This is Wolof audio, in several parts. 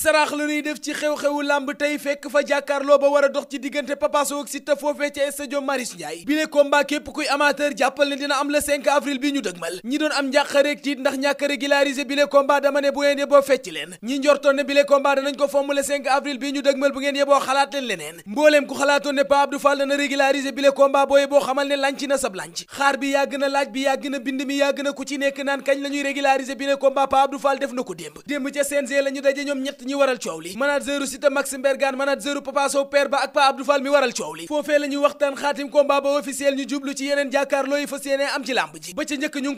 saraax la ñuy def ci xew-xewu làmb tey fekk fa jàkkaarloo ba war dox ci diggante Papa Sow ak Siteu foofee ci stade Marius Ndiaye bile combat képp kuy amateur jàppal ne dina am le 5 avril bi ñu dëgmal ñi doon am njàqareeg tiit ndax ñàkk a régulariser bile combat dama ne bu ngeen yeboo fecc leen ñi njortoon ne bile combat danañ ko fomm le avril bi ñu dëgmal bu ngeen yeboo xalaat leen leneen mbooleem ku xalaatoon ne Pa Abdou Fall dana régulariser bile combat booye boo xamal ne lanc na sab lanc xaar bi yàgg na laaj bi yàgg na bind mi yàgg na ku ci nekk naan kañ la ñuy régulariser bile combat Pa Abdou Fall def na ko démb démb ca CNG la ñu daje ñoom ñett ñi waral coow li manager Siteu Maxime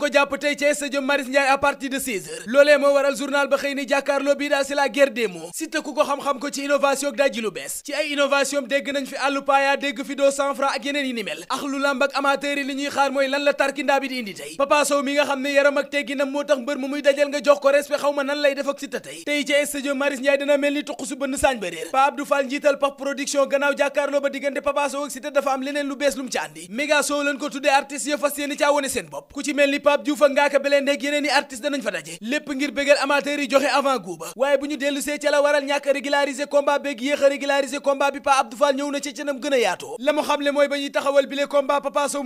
ko jàpp tey ci stade Marius Ndiaye à partir de 16 moo waral journal ba xëy ni jàkkaarloo bii daal si la guerre des mots Siteu ku ko xam-xam ko ci innovation ak dajji lu bees ci ay innovation dégg nañ fi àllu paaya dégg fi doo cent francs ak yeneen yi ni mel làmb ak amateur li ñuy xaar mooy lan la tarkindaa bi di indi tey Papa Sow mi nga xam ne yaram ak tegginam moo tax mbër mu muy dajal nga jox ko respect xaw ma nan lay def ak Siteu tey tey ci stade Marius Aziz dana mel ni tuq bënn saañ ba réer Pa Abdou njiital Paf Production gannaaw jàkkaarloo ba diggante Papa Sow ak Siteu dafa am leneen lu bees lu mu ci soow lañ ko tuddee artistes ya fas yéene caa wone seen bopp ku ci mel ni Pape Diouf ak Ngaaka Blindé ak yeneen i artistes danañ fa daje lépp ngir bégal amateurs yi joxe avant guuba waaye bu ñu dellu ca la waral ñàkk a régulariser beeg yéex a régulariser bi na ci canam gën a yaatoo la mu xamle mooy ba ñuy taxawal bile combat Papa Sow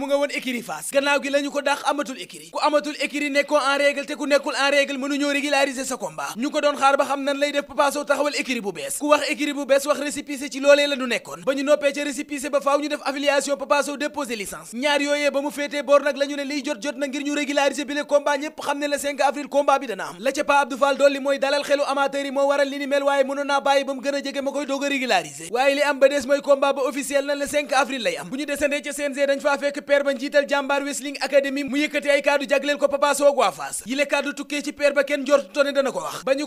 Papa Sow taxawal écurie bu bees ku wax écurie bu bees wax récépissé ci loolee la ñu nekkoon ba ñu noppee ca récépissé ba faaw ñu def affiliation Papa Sow déposé licence ñaar yooyee ba mu féetee boor nag la ñu ne liy jot jot na ngir ñu régulariser bi le combat ñépp xam ne le 5 avril combat bi dana am la ca Pa Abdou Fall dolli mooy dalal xelu amateur yi moo waral li ni mel waaye mënoon bàyyi ba mu gën a jege ma koy doog a régulariser waaye li am ba des mooy combat ba officiel ko Papa Sow ak waa Fass yile kaddu tukkee ci père ba kenn njortu ko wax ba ñu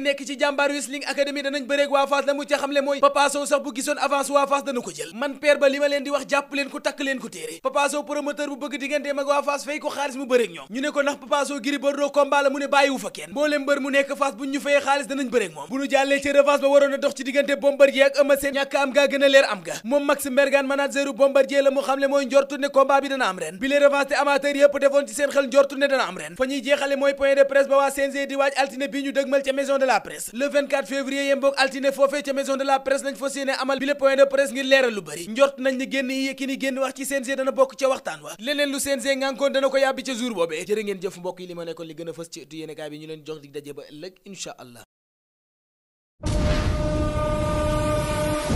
nekk ci jàmbaar wrestling academy danañ bëreeg waa Fass la mu ca xamle mooy Papa sax bu gisoon avance waa dana ko jël man père ba li ma leen di wax jàpp leen ko takk leen ko téere Papa Sow promoteur bu bëgg digganteem ak waa Fass ko xaalis mu bëreeg ñoom ñu ne ko ndax Papa Sow Gris Bordeaux combat la mu ne bàyyiwu fa kenn mboolem mbër mu nekk Fass bu ñu fayee xaalis danañ bëreeg moom bu ñu jàllee ci revanche ba waroon a dox ci diggante Bombardier ak Eumeu Sène ñàkk am a leer mooy njortu ne combat bi dana am ren bi les jeexale mooy point de presse ba waa CNG di presse le 24 février yemboog altine foofee ca maison de la presse lañ fas yéene amal bi le point de ngir leeral lu bëri njort nañ ni génn yi Yékini génn wax ci CNG dana bokk ca waxtaan wa leneen lu CNG ngànkoon dana ko yàbbi ca jour boobee jërë ngeen jëf mbokk yi li ma nekkoon li a fës ci ëttu yéenekaay bi ñu leen jox dig daje ba ëllëg incha allah